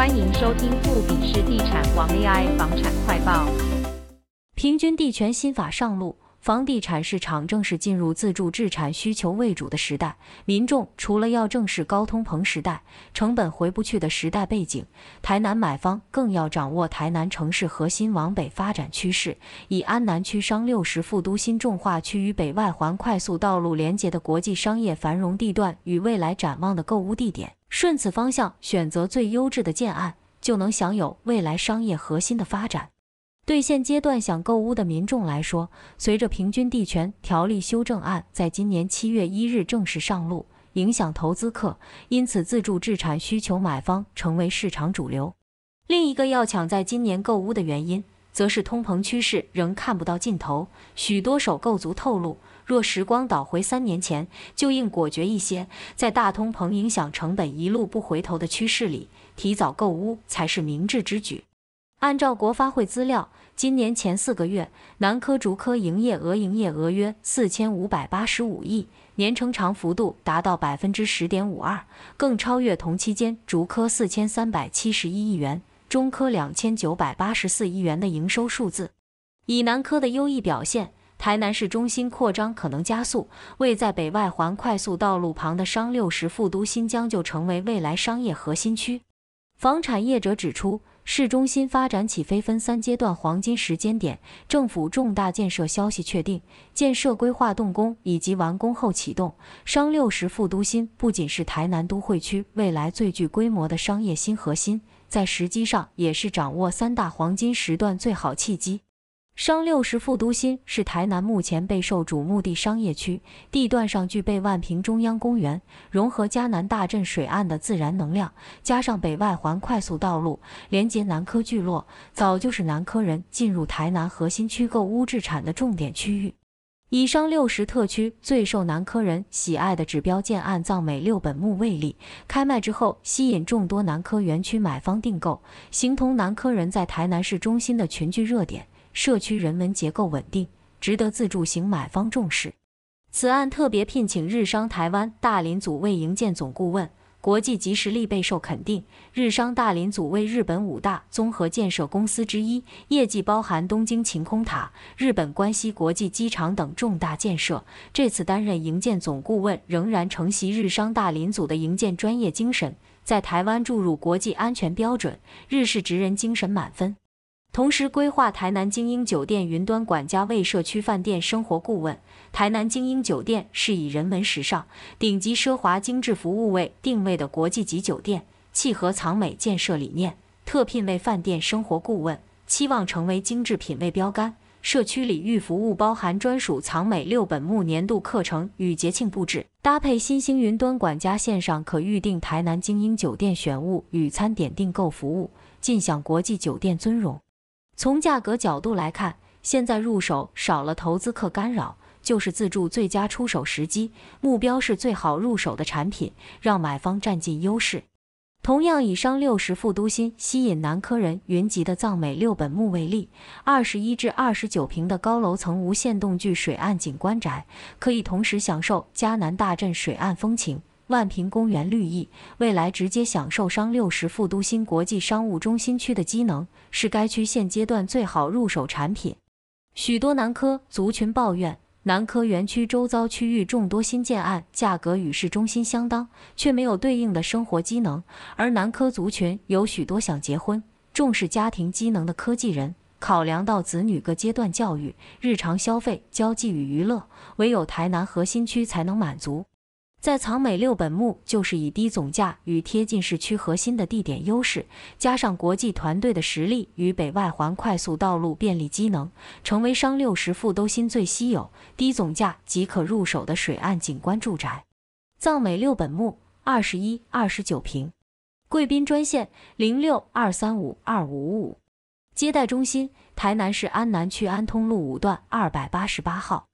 歡迎收聽富比士地產王 AI 房產快報。平均地權新法上路，房地產市場正式進入自住置產需求為主的時代。民眾除了要正視高通膨時代、成本回不去的時代背景，台南買方更要掌握台南城市核心往北發展趨勢，以安南區商60副都心重劃區與北外環快速道路連接的國際商業繁榮地段與未來展望的購物地點。順此方向選擇最優質的建案，就能享有未來商業核心的發展。對現階段想購屋的民眾來說，隨着《平均地權條例修正案》在今年七月一日正式上路，影響投資客，因此自住置產需求買方成為市場主流。另一個要搶在今年購屋的原因。則是通膨趨勢仍看不到盡頭，許多首購族透露，若時光倒回三年前，就應果決一些，在大通膨影響成本一路不回頭的趨勢裡，提早購屋才是明智之舉。按照國發會資料，今年前四個月，南科、竹科營業額營業額約四千五百八十五億，年成長幅度達到百分之十點五二，更超越同期間竹科四千三百七十一億元。中科兩千九百八十四億元的營收數字，以南科的優異表現，台南市中心擴張可能加速，位在北外環快速道路旁的商六十副都心將就成為未來商業核心區。房產業者指出。市中心發展起飛分三階段黃金時間點，政府重大建設消息確定、建設規劃動工以及完工後啟動。商六十副都心不僅是台南都會區未來最具規模的商業新核心，在時機上也是掌握三大黃金時段最好契機。商六十副都心是台南目前備受矚目的商業區，地段上具備萬平中央公園，融合嘉南大鎮水岸的自然能量，加上北外環快速道路連接南科聚落，早就是南科人進入台南核心區購屋置產的重點區域。以商六十特區最受南科人喜愛的指標建案藏美六本木為例，開賣之後吸引眾多南科園區買方訂購，形同南科人在台南市中心的群聚熱點。社區人文結構穩定，值得自住型買方重視。此案特別聘請日商台灣大林組為營建總顧問，國際級實力備受肯定。日商大林組為日本五大綜合建設公司之一，業績包含東京晴空塔、日本關西國際機場等重大建設。這次擔任營建總顧問，仍然承襲日商大林組的營建專業精神，在台灣注入國際安全標準，日式職人精神滿分。同時規劃台南晶英酒店雲端管家為社區飯店生活顧問。台南晶英酒店是以人文時尚、頂級奢華、精致服務為定位的國際級酒店，契合藏美建設理念，特聘為飯店生活顧問，期望成為精致品味標杆。社區禮遇服務包含專屬藏美六本木年度課程與節慶佈置，搭配新興雲端管家線上可預訂台南晶英酒店選物與餐點訂購服務，盡享國際酒店尊榮。從價格角度來看，現在入手少了投資客干擾，就是自住最佳出手時機。目標是最好入手的產品，讓買方占盡優勢。同樣，以商六十副都心吸引南科人雲集的藏美六本木為例，二十一至二十九平的高樓層無限棟距水岸景觀宅，可以同時享受嘉南大鎮水岸風情。萬平公園綠意，未來直接享受商六十副都心國際商務中心區的機能，是該區現階段最好入手產品。許多南科族群抱怨，南科園區周遭區域眾多新建案價格與市中心相當，卻沒有對應的生活機能。而南科族群有許多想結婚、重視家庭機能的科技人，考量到子女各階段教育、日常消費、交際與娛樂，唯有台南核心區才能滿足。在藏美六本木，就是以低總價與貼近市區核心的地點優勢，加上國際團隊的實力與北外環快速道路便利機能，成為商六十副都心最稀有、低總價即可入手的水岸景觀住宅。藏美六本木二十一、二十九平，貴賓專線零六二三五二五五五，接待中心：台南市安南區安通路五段二百八十八號。